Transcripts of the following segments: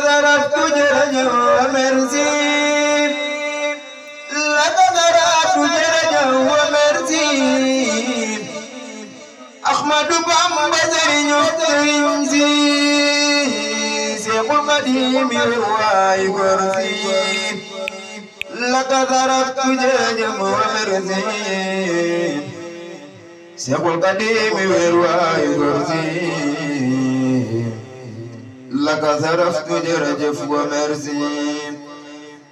ضربت جرجا ومرزي لقد ضربت جرجا ومرزي أحمد بام بزرين وترمزي سيق القديم رواي كرزي لقد ضربت جرجا ومرزي سيق القديم رواي كرزي لك صرفت جرجف ومرسي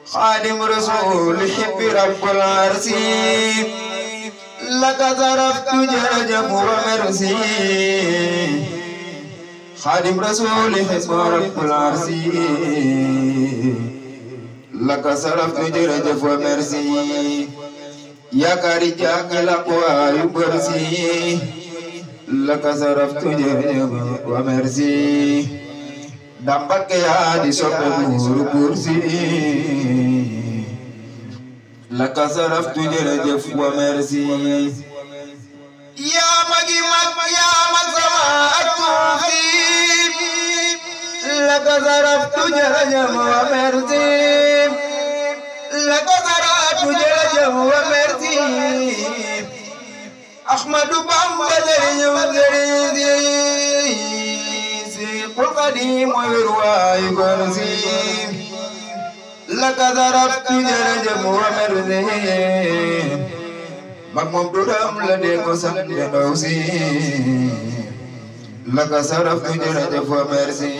خادم رسول حب رب العرس لك صرفت جرجف ومرسي خادم رسول حب رب العرس لك صرفت جرجف ومرسي يا كارجاك لقوى يبرسي لك صرفت جرجف ومرسي dambak yaa di soppal buuru kursi laka saraftu jërëjëf wa merci yaa magi mag yaa mag sama ak tuuti laka saraftu jërëjëf wa merci laka saraftu jërëjëf wa merci Ahmadu Bamba jërëjëf xadim mooy wéruwaay góor si laka darabtu jërëjëf wa merci mag moom duram la dee ko sant ndaw si laka saraftu jërëjëf wa merci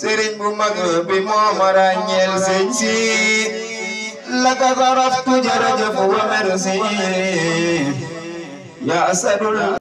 sëriñ bu mag bi moo ma ràññeel sëñ si laka saraftu jërëjëf wa merci yaa asadul